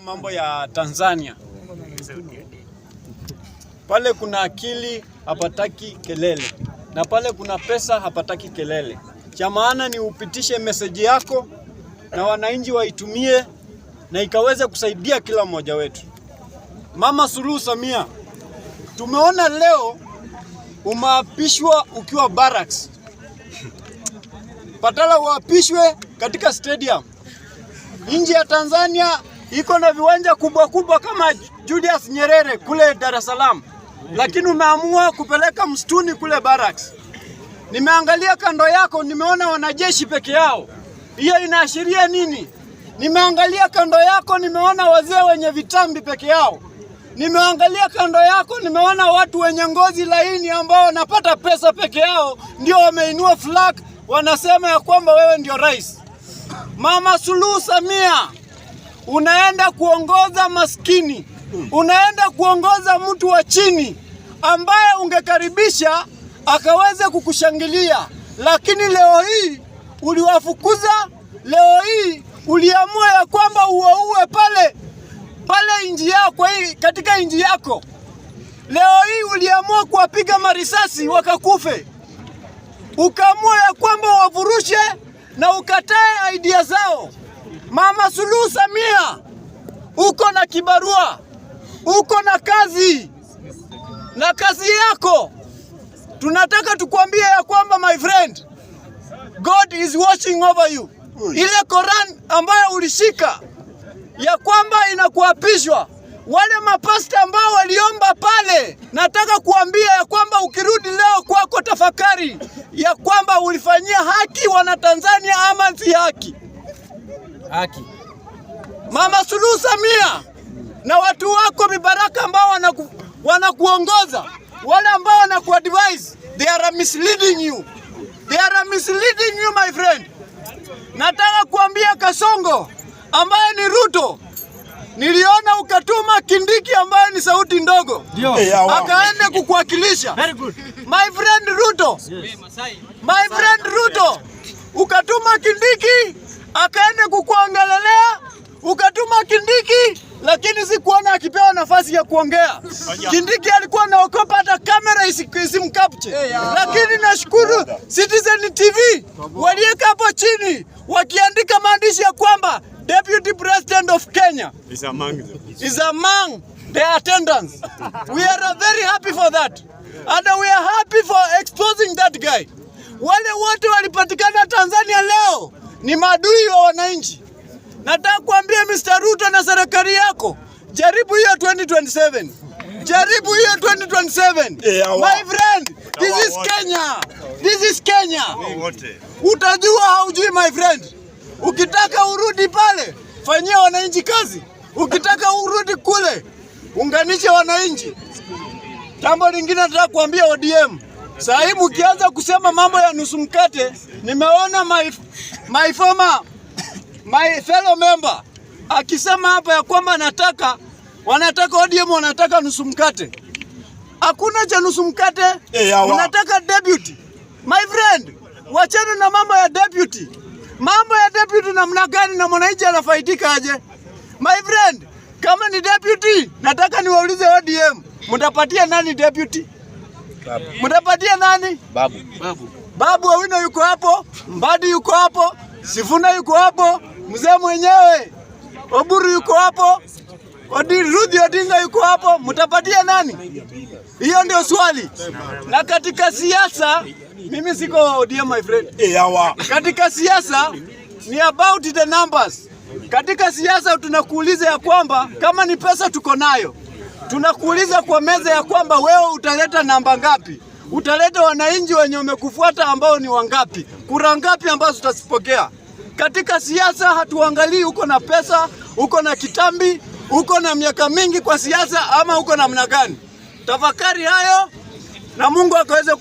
mambo ya Tanzania pale kuna akili hapataki kelele, na pale kuna pesa hapataki kelele. Cha maana ni upitishe meseji yako na wananchi waitumie na ikaweze kusaidia kila mmoja wetu. Mama Suluhu Samia, tumeona leo umeapishwa ukiwa barracks. Patala uapishwe katika stadium nje ya Tanzania iko na viwanja kubwa kubwa kama Julius Nyerere kule Dar es Salaam, lakini umeamua kupeleka msituni kule barracks. Nimeangalia kando yako, nimeona wanajeshi peke yao. Hiyo inaashiria nini? Nimeangalia kando yako, nimeona wazee wenye vitambi peke yao. Nimeangalia kando yako, nimeona watu wenye ngozi laini ambao wanapata pesa peke yao, ndio wameinua flag, wanasema ya kwamba wewe ndio rais. Mama Suluhu Samia unaenda kuongoza maskini, unaenda kuongoza mtu wa chini ambaye ungekaribisha akaweze kukushangilia, lakini leo hii uliwafukuza. Leo hii uliamua ya kwamba uwaue pale pale inji yako hii, katika inji yako. Leo hii uliamua kuwapiga marisasi wakakufe, ukaamua ya kwamba wavurushe na ukatae idea zao. Mama Suluhu Samia, uko na kibarua, uko na kazi na kazi yako. Tunataka tukwambie ya kwamba my friend, God is watching over you. Ile Koran ambayo ulishika ya kwamba inakuapishwa wale mapasta ambao waliomba pale, nataka kuambia ya kwamba ukirudi leo kwako, tafakari ya kwamba ulifanyia haki Wanatanzania ama si haki haki. Mama Suluhu Samia na watu wako mibaraka ambao wanaku, wanakuongoza wale ambao wanakuadvise they are misleading you. They are misleading you my friend. Nataka kuambia Kasongo ambaye ni Ruto, niliona ukatuma Kindiki ambaye ni sauti ndogo akaende kukuwakilisha my friend Ruto, my friend Ruto, ukatuma Kindiki akaenda kukuongelelea ukatuma Kindiki, lakini sikuona akipewa nafasi ya kuongea. Kindiki alikuwa naokopa hata kamera isimkapche isi, eh, lakini nashukuru Citizen TV walieka hapo chini wakiandika maandishi ya kwamba Deputy President of Kenya is among, them. is among attendants. We are very happy for that and we are happy for exposing that guy. Wale wote walipatikana Tanzania leo ni maadui wa wananchi. Nataka kuambia Mr. Ruto na serikali yako, jaribu hiyo 2027 jaribu hiyo 2027. Eh, my friend, this is Kenya, this is Kenya. Utajua haujui, my friend. Ukitaka urudi pale, fanyia wananchi kazi. Ukitaka urudi kule, unganishe wananchi. Jambo lingine nataka kuambia ODM, saa hii mkianza kusema mambo ya nusu mkate, nimeona my my former, my fellow member akisema hapa ya kwamba nataka wanataka ODM wanataka nusu mkate, hakuna cha nusu mkate hey, eh, unataka deputy. My friend, wachana na mambo ya deputy. Mambo ya deputy namna gani na mwananchi anafaidika aje? My friend, kama ni deputy, nataka niwaulize ODM, mtapatia nani deputy? Mtapatia nani? Babu. Babu. Babu awino yuko hapo, Mbadi yuko hapo, Sifuna yuko hapo, mzee mwenyewe Oburu yuko hapo, Odi Odinga yuko hapo. Mtapatia nani? Hiyo ndio swali. Na katika siasa mimi siko dear my friend. Eh, katika siasa ni about the numbers. Katika siasa tunakuuliza ya kwamba kama ni pesa tuko nayo, tunakuuliza kwa meza ya kwamba wewe utaleta namba ngapi? utaleta wananchi wenye wamekufuata ambao ni wangapi, kura ngapi ambazo utazipokea. Katika siasa hatuangalii uko na pesa, uko na kitambi, uko na miaka mingi kwa siasa, ama uko namna gani. Tafakari hayo na Mungu akaweze